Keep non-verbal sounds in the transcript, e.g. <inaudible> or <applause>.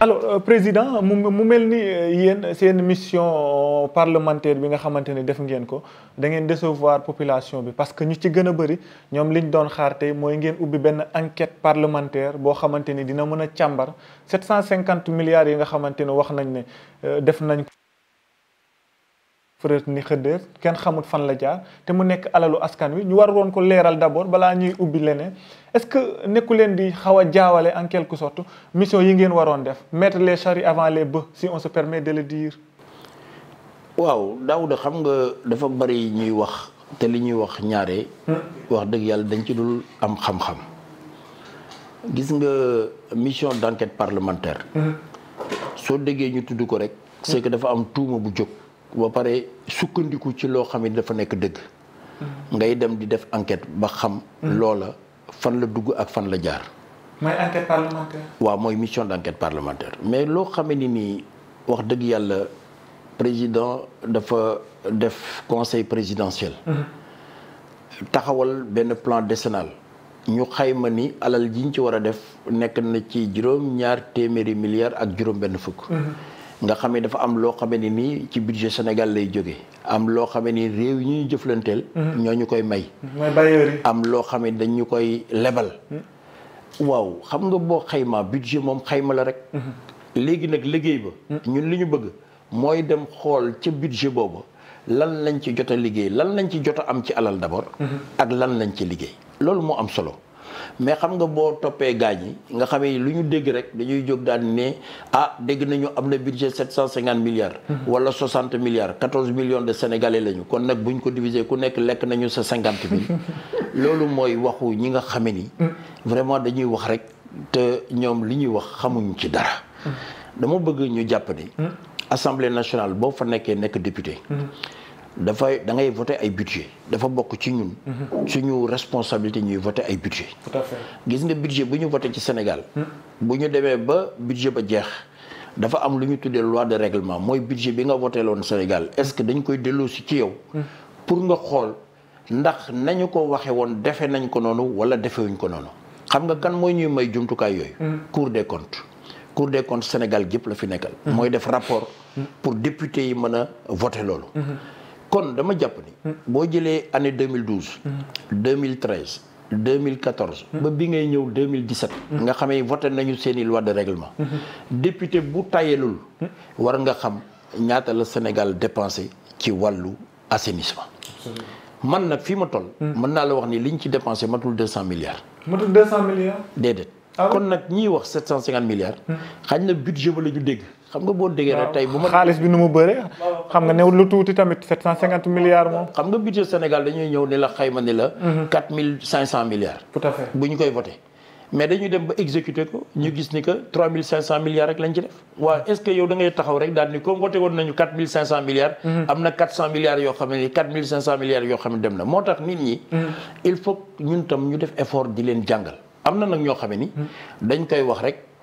alors euh, président mu mel ni euh, yéen seen mission euh, parlementaire bi nga xamante ne def ngeen ko da ngeen décevoir population bi parce que ñu ci gën a bëri ñoom liñ doon xaar tey mooy ngeen ubbi benn enquête parlementaire boo xamante dina mën a 750 milliards yi nga xamante wax nañ ne def nañ ko ni xëddër kenn xamut fan la jaar te mu nekk alalu askan wi ñu war woon ko leeral d'abord balaa ñuy ubbi leneen est-ce que nekku leen di xaw a en quelque sorte mission yi ngeen waroon def mettre les charrues avant les b, si on se permet de le dire. waaw Daouda xam nga dafa bari ñuy wax te li ñuy wax ñaare. Hmm. wax dëgg yàlla dañ ci dul am xam-xam. gis nga mission d'enquête parlementaire. Hmm. soo déggee ñu tudd ko rek. c'est que dafa am tuuma bu jóg. ba pare sukkandiku ci loo xam ne dafa nekk dëgg. Hmm. ngay dem di def enquête ba xam. loola. fan la dugg ak fan la jaar. mooy waaw mooy mission d' enquête parlementaire mais loo xamee ni nii wax dëgg yàlla président dafa def conseil présidentiel. Mm-hmm. taxawal benn plan décennal. ñu xayma ni alal ji ñu ci war a def nekk na ci juróom ñaar téeméeri milliards ak juróom benn fukk. Mm-hmm. nga xam ne dafa am loo xam ne nii ci budget Sénégal lay jóge am loo xamee ni réew yi ñuy jëflanteel. Mhm. ñoo ñu koy may. am loo xam ne dañ ñu koy lebal. Mhm. waaw xam nga boo xayma budget moom xayma la rek. Mhm. léegi nag liggéey ba. ñun li ñu bëgg mooy dem xool ca budget boobu lan lañ ci jot a liggéey lan lañ ci jot a am ci alal d'abord. ak lan lañ ci liggéey. loolu moo am solo. mais xam nga boo toppee gaañ yi nga xamee lu ñu dégg rek dañuy jóg daal ne ah dégg nañu am na budget sept cent cinquante milliards mhm. wala soixante milliards quatorze millions de sénégalais lañu kon nag buñ ko diviser ku nekk lekk nañu sa cinquante mille <laughs> loolu mooy waxu ñi nga xame ni mm. vraiment dañuy wax rek te ñoom li ñuy wax xamuñu ci dara mm. dama bëgg ñu jàpp ni mm. assemblée nationale boo fa nekkee nekk député dafay da ngay voté ay budget dafa bokk ci ñun. suñu responsabilité ñuy voter ay budget tout à fait gis nga budget bu ñu voté ci Sénégal. bu ñu demee ba budget ba jeex. dafa am lu ñu loi de règlement mooy budget bi nga voté au Sénégal est-ce que dañ koy delloo si ci yow. pour nga xool ndax nañu ko waxé won défé nañ ko noonu wala wuñ ko noonu. xam nga kan moy ñuy may kay yoy Cour des comptes. Cour des comptes Sénégal gépp la fi nekkal. moy def rapport. pour député yi mën a voté kon dama jàpp ni. Hmm. boo jëlee année 2012. 2013 2014. ba bi ngay ñëw 2017. Hmm. nga voté nañu loi de règlement. Hmm. député bu tayelul war nga xam ñaata le Sénégal dépensé ci wàllu assainissement. man nag fii ma toll. mën naa la wax ni dépensé matul 200 milliards. 200 milliards. déedéet ah kon nag ñiy wax 750 milliards. xañ na budget ba la ñu xam nga boo déggee rek tey bu ma xaalis bi nu mu bëree xam nga new lu dañuy ñëw ni la xayma ni la mhm. quatre mille cinq cent milliards bu ñu koy voté mais dañuy dem ba exécuter ko ñu gis ni que trois mille cinq cent milliards rek lañ ci def waaw est yow da taxaw rek daal ni comme voté woon nañu quatre mille cinq mhm. yoo xam ne cinq milliards yoo xam ne dem na moo tax nit ñi mhm. il faut ñun tam ñu def effort di leen jàngal am na nag ñoo xam ni dañ koy wax rek